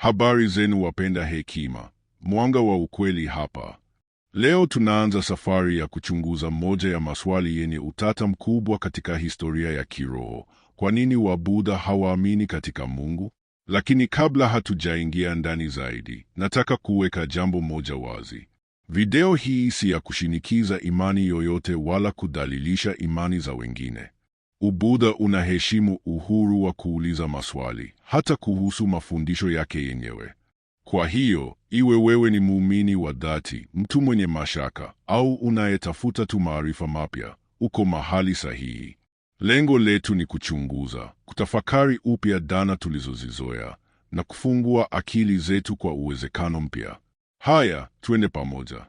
Habari zenu wapenda hekima, mwanga wa ukweli hapa. Leo tunaanza safari ya kuchunguza moja ya maswali yenye utata mkubwa katika historia ya kiroho: kwa nini Wabudha hawaamini katika Mungu? Lakini kabla hatujaingia ndani zaidi, nataka kuweka jambo moja wazi. Video hii si ya kushinikiza imani yoyote wala kudhalilisha imani za wengine. Ubudha unaheshimu uhuru wa kuuliza maswali hata kuhusu mafundisho yake yenyewe. Kwa hiyo iwe wewe ni muumini wa dhati, mtu mwenye mashaka, au unayetafuta tu maarifa mapya, uko mahali sahihi. Lengo letu ni kuchunguza, kutafakari upya dhana tulizozizoea na kufungua akili zetu kwa uwezekano mpya. Haya, twende pamoja.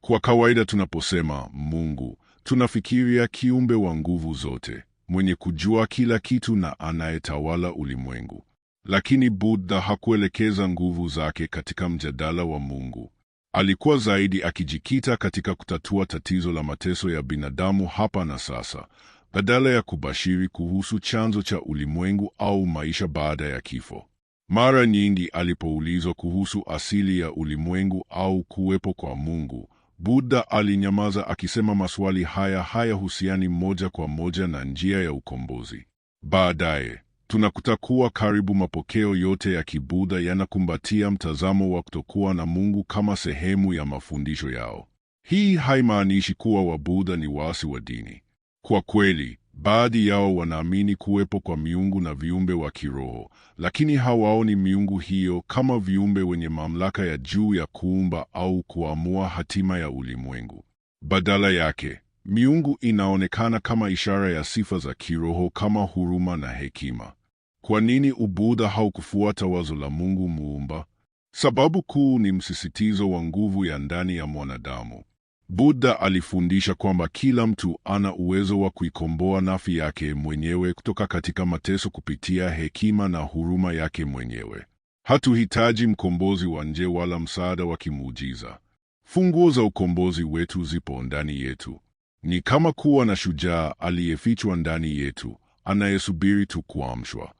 Kwa kawaida tunaposema Mungu, tunafikiria kiumbe wa nguvu zote mwenye kujua kila kitu na anayetawala ulimwengu. Lakini Buddha hakuelekeza nguvu zake katika mjadala wa Mungu. Alikuwa zaidi akijikita katika kutatua tatizo la mateso ya binadamu hapa na sasa, badala ya kubashiri kuhusu chanzo cha ulimwengu au maisha baada ya kifo. Mara nyingi alipoulizwa kuhusu asili ya ulimwengu au kuwepo kwa Mungu, Buddha alinyamaza akisema maswali haya hayahusiani moja kwa moja na njia ya ukombozi. Baadaye tunakutakuwa karibu mapokeo yote ya Kibudha yanakumbatia mtazamo wa kutokuwa na Mungu kama sehemu ya mafundisho yao. Hii haimaanishi kuwa Wabudha ni waasi wa dini. Kwa kweli, Baadhi yao wanaamini kuwepo kwa miungu na viumbe wa kiroho, lakini hawaoni miungu hiyo kama viumbe wenye mamlaka ya juu ya kuumba au kuamua hatima ya ulimwengu. Badala yake, miungu inaonekana kama ishara ya sifa za kiroho kama huruma na hekima. Kwa nini Ubudha haukufuata wazo la Mungu Muumba? Sababu kuu ni msisitizo wa nguvu ya ndani ya mwanadamu. Buddha alifundisha kwamba kila mtu ana uwezo wa kuikomboa nafsi yake mwenyewe kutoka katika mateso kupitia hekima na huruma yake mwenyewe. Hatuhitaji mkombozi wa nje wala msaada wa kimuujiza. Funguo za ukombozi wetu zipo ndani yetu. Ni kama kuwa na shujaa aliyefichwa ndani yetu, anayesubiri tu kuamshwa.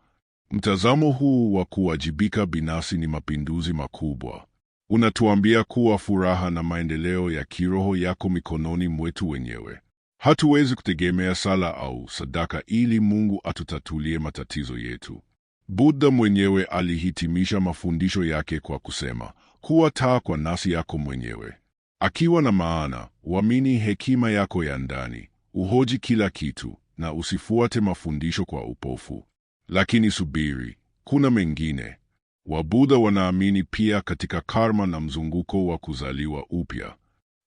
Mtazamo huu wa kuwajibika binafsi ni mapinduzi makubwa. Unatuambia kuwa furaha na maendeleo ya kiroho yako mikononi mwetu wenyewe. Hatuwezi kutegemea sala au sadaka ili Mungu atutatulie matatizo yetu. Buddha mwenyewe alihitimisha mafundisho yake kwa kusema, kuwa taa kwa nafsi yako mwenyewe. Akiwa na maana, uamini hekima yako ya ndani, uhoji kila kitu na usifuate mafundisho kwa upofu. Lakini subiri, kuna mengine. Wabudha wanaamini pia katika karma na mzunguko wa kuzaliwa upya.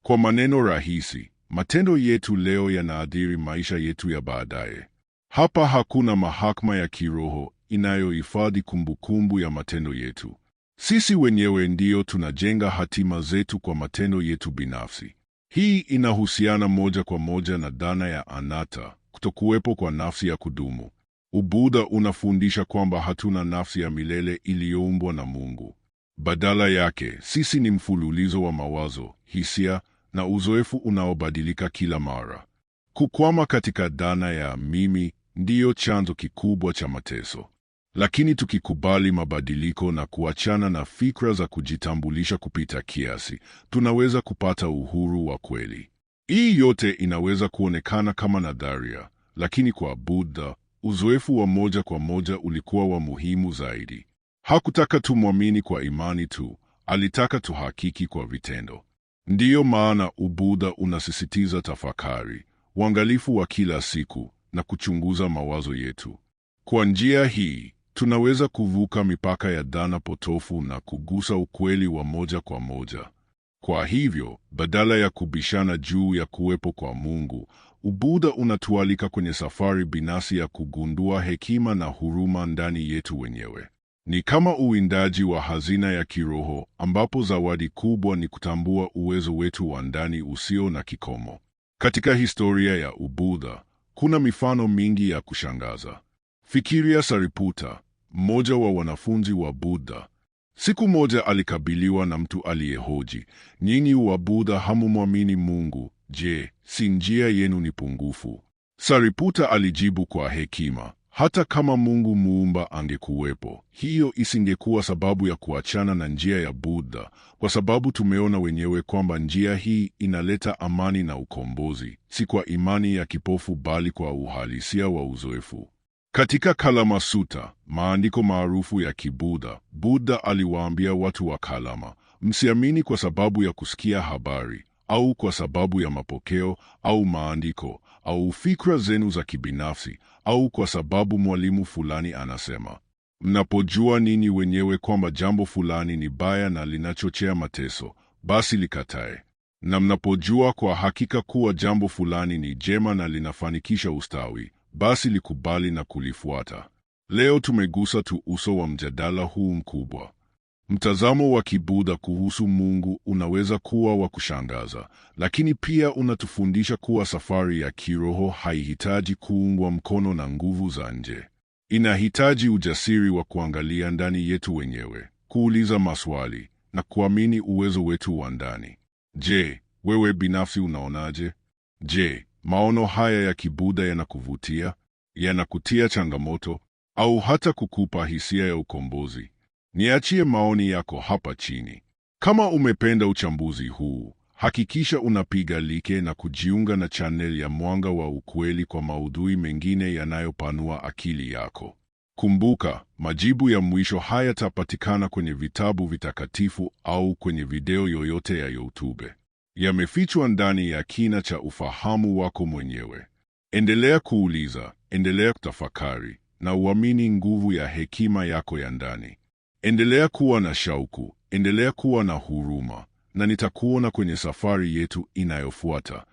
Kwa maneno rahisi, matendo yetu leo yanaathiri maisha yetu ya baadaye. Hapa hakuna mahakama ya kiroho inayohifadhi kumbukumbu ya matendo yetu. Sisi wenyewe ndiyo tunajenga hatima zetu kwa matendo yetu binafsi. Hii inahusiana moja kwa moja na dhana ya anata, kutokuwepo kwa nafsi ya kudumu. Ubudha unafundisha kwamba hatuna nafsi ya milele iliyoumbwa na Mungu. Badala yake, sisi ni mfululizo wa mawazo, hisia na uzoefu unaobadilika kila mara. Kukwama katika dhana ya mimi ndiyo chanzo kikubwa cha mateso. Lakini tukikubali mabadiliko na kuachana na fikra za kujitambulisha kupita kiasi, tunaweza kupata uhuru wa kweli. Hii yote inaweza kuonekana kama nadharia, lakini kwa Buddha Uzoefu wa moja kwa moja ulikuwa wa muhimu zaidi. Hakutaka tumwamini kwa imani tu, alitaka tuhakiki kwa vitendo. Ndiyo maana Ubudha unasisitiza tafakari, uangalifu wa kila siku na kuchunguza mawazo yetu. Kwa njia hii tunaweza kuvuka mipaka ya dhana potofu na kugusa ukweli wa moja kwa moja. Kwa hivyo, badala ya kubishana juu ya kuwepo kwa Mungu, Ubudha unatualika kwenye safari binafsi ya kugundua hekima na huruma ndani yetu wenyewe. Ni kama uwindaji wa hazina ya kiroho, ambapo zawadi kubwa ni kutambua uwezo wetu wa ndani usio na kikomo. Katika historia ya Ubudha kuna mifano mingi ya kushangaza. Fikiria Sariputa, mmoja wa wanafunzi wa Buddha, Siku moja alikabiliwa na mtu aliyehoji, nyinyi Wabudha hamumwamini Mungu, je, si njia yenu ni pungufu? Sariputa alijibu kwa hekima, hata kama Mungu muumba angekuwepo, hiyo isingekuwa sababu ya kuachana na njia ya Buddha, kwa sababu tumeona wenyewe kwamba njia hii inaleta amani na ukombozi, si kwa imani ya kipofu, bali kwa uhalisia wa uzoefu. Katika Kalama Sutta, maandiko maarufu ya Kibuda, Buddha aliwaambia watu wa Kalama, msiamini kwa sababu ya kusikia habari au kwa sababu ya mapokeo au maandiko au fikra zenu za kibinafsi au kwa sababu mwalimu fulani anasema. Mnapojua ninyi wenyewe kwamba jambo fulani ni baya na linachochea mateso, basi likatae. Na mnapojua kwa hakika kuwa jambo fulani ni jema na linafanikisha ustawi basi likubali na kulifuata. Leo tumegusa tu uso wa mjadala huu mkubwa. Mtazamo wa Kibudha kuhusu Mungu unaweza kuwa wa kushangaza, lakini pia unatufundisha kuwa safari ya kiroho haihitaji kuungwa mkono na nguvu za nje. Inahitaji ujasiri wa kuangalia ndani yetu wenyewe, kuuliza maswali na kuamini uwezo wetu wa ndani. Je, wewe binafsi unaonaje? Je, Maono haya ya kibuda yanakuvutia, yanakutia changamoto au hata kukupa hisia ya ukombozi. Niachie maoni yako hapa chini. Kama umependa uchambuzi huu, hakikisha unapiga like na kujiunga na channel ya Mwanga wa Ukweli kwa maudhui mengine yanayopanua akili yako. Kumbuka, majibu ya mwisho hayatapatikana kwenye vitabu vitakatifu au kwenye video yoyote ya YouTube yamefichwa ndani ya kina cha ufahamu wako mwenyewe. Endelea kuuliza, endelea kutafakari na uamini nguvu ya hekima yako ya ndani. Endelea kuwa na shauku, endelea kuwa na huruma, na nitakuona kwenye safari yetu inayofuata.